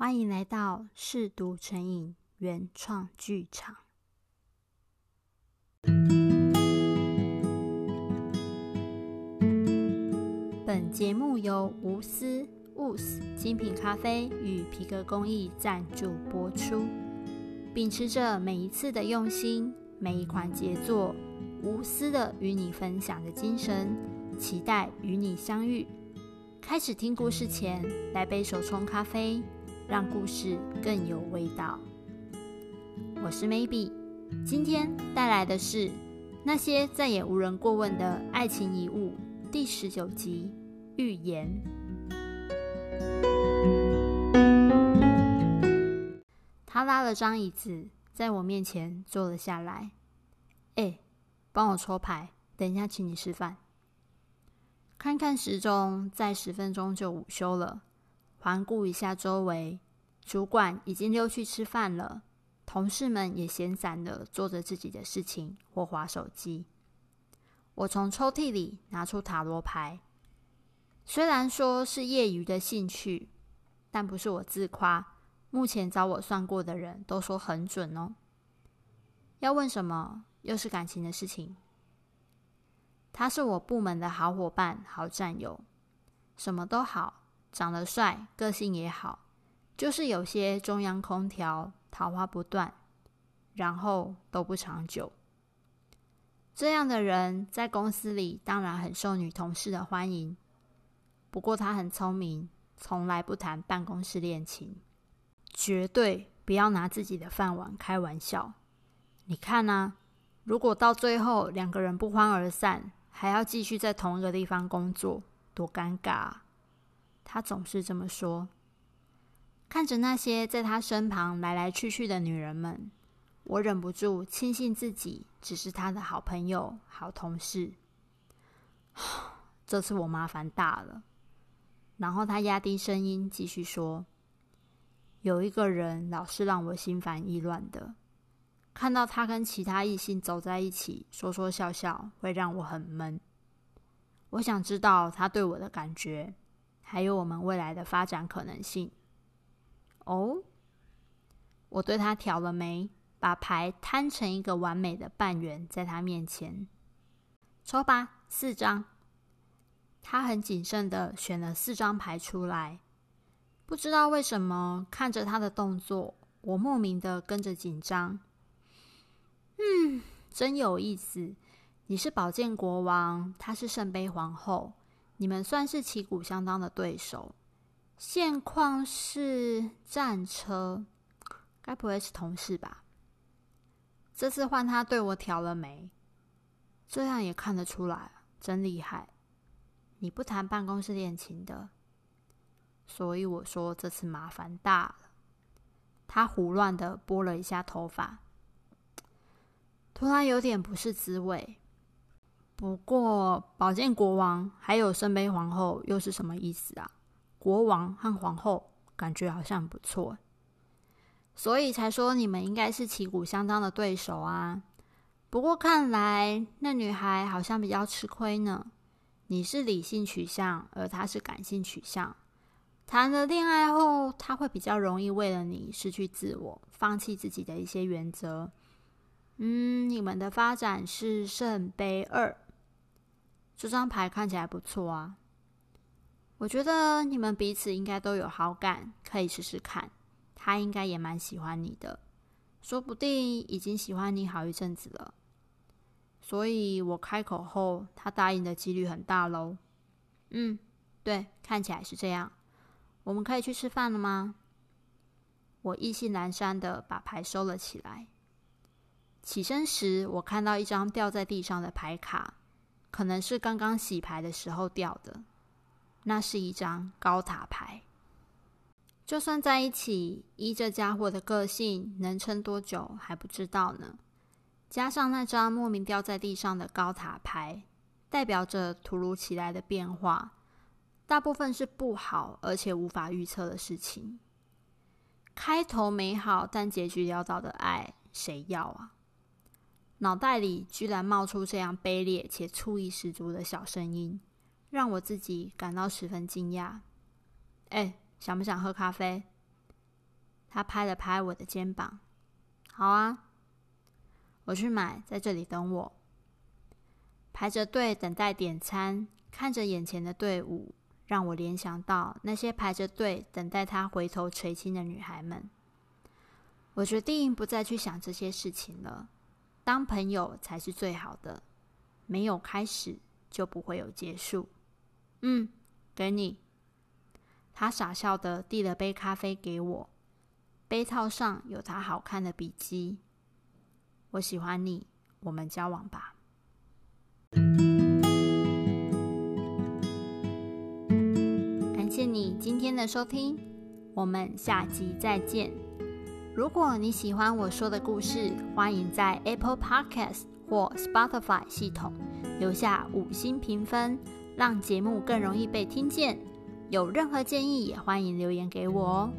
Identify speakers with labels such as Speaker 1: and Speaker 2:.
Speaker 1: 歡迎來到《試讀成癮》原創劇場。本節目由吾 WU'S 私精品咖啡與皮革工藝贊助播出。秉持着每一次的用心，每一款傑作，無私的與你分享的精神，期待與你相遇。開始聽故事前，來杯手沖咖啡。讓故事更有味道。我是 Maybe，今天帶來的是《那些再也無人過問的愛情遺物》第十九集《預言》。他拉了張椅子，在我面前坐了下來。哎，幫我抽牌，等一下請你吃飯。看看時鐘，再十分鐘就午休了。環顧一下周圍，主管已經溜去吃飯了，同事們也閒散地做着自己的事情或滑手機。我從抽屜裡拿出塔羅牌，雖然說是業餘的興趣，但不是我自誇。目前找我算過的人都說很準哦。要問什麼？又是感情的事情。他是我部門的好夥伴、好戰友，什麼都好。長得帥，個性也好，就是有些中央空調，桃花不斷，然後都不長久。這樣的人在公司裡當然很受女同事的歡迎。不過他很聰明，從來不談辦公室戀情，絕對不要拿自己的飯碗開玩笑。你看啊，如果到最後兩個人不歡而散，還要繼續在同一個地方工作，多尷尬啊！他總是這麼說。看着那些在他身旁來來去去的女人們，我忍不住慶幸自己只是他的好朋友、好同事。這次我麻煩大了。然後他壓低聲音繼續說：“有一個人老是讓我心煩意亂的，看到他跟其他異性走在一起，說說笑笑，會讓我很悶。我想知道他對我的感覺。”還有我們未來的發展可能性哦！Oh? 我對他挑了眉，把牌攤成一個完美的半圓，在他面前。抽吧，四張。他很謹慎的選了四張牌出來。不知道為什麼，看着他的動作，我莫名的跟着緊張。嗯，真有意思。你是寶劍國王，他是聖杯皇後。你們算是旗鼓相當的對手。現況是戰車，該不會是同事吧？這次換他對我挑了眉，這樣也看得出來，真厲害。你不談辦公室戀情的，所以我說，這次麻煩大了。他胡亂的撥了一下頭髮，突然有點不是滋味。不過，寶劍國王還有聖杯皇后又是什麼意思啊？國王和皇后感覺好像不錯，所以才說你們應該是旗鼓相當的對手啊。不過看來那女孩好像比較吃虧呢。你是理性取向，而她是感性取向。談了戀愛後，她會比較容易為了你失去自我，放棄自己的一些原則。嗯，你們的發展是聖杯二。這張牌看起來不錯啊，我覺得你們彼此應該都有好感，可以試試看。他應該也蠻喜歡你的，說不定已經喜歡你好一陣子了。所以我開口後，他答應的幾率很大嘍。嗯，對，看起來是這樣。我們可以去吃飯了嗎？我意興闌珊的把牌收了起來，起身時，我看到一張掉在地上的牌卡。可能是剛剛洗牌的時候掉的，那是一張高塔牌。就算在一起，依這家伙的個性，能撐多久還不知道呢。加上那張莫名掉在地上的高塔牌，代表着突如其來的變化，大部分是不好而且無法預測的事情。開頭美好但結局潦倒的愛，誰要啊？腦袋裡居然冒出這樣卑劣且醋意十足的小聲音，讓我自己感到十分驚訝。哎，想不想喝咖啡？他拍了拍我的肩膀：“好啊，我去買，在這裡等我。”排着隊等待點餐，看着眼前的隊伍，讓我聯想到那些排着隊等待他回頭垂青的女孩們。我決定不再去想這些事情了。當朋友才是最好的，沒有開始就不會有結束。嗯，給你。他傻笑的遞了杯咖啡給我，杯套上有他好看的筆記。我喜歡你，我們交往吧。感謝你今天的收聽，我們下集再見。如果你喜歡我說的故事，歡迎在 Apple Podcast 或 Spotify 系統留下五星評分，讓節目更容易被聽見。有任何建議，也歡迎留言給我哦。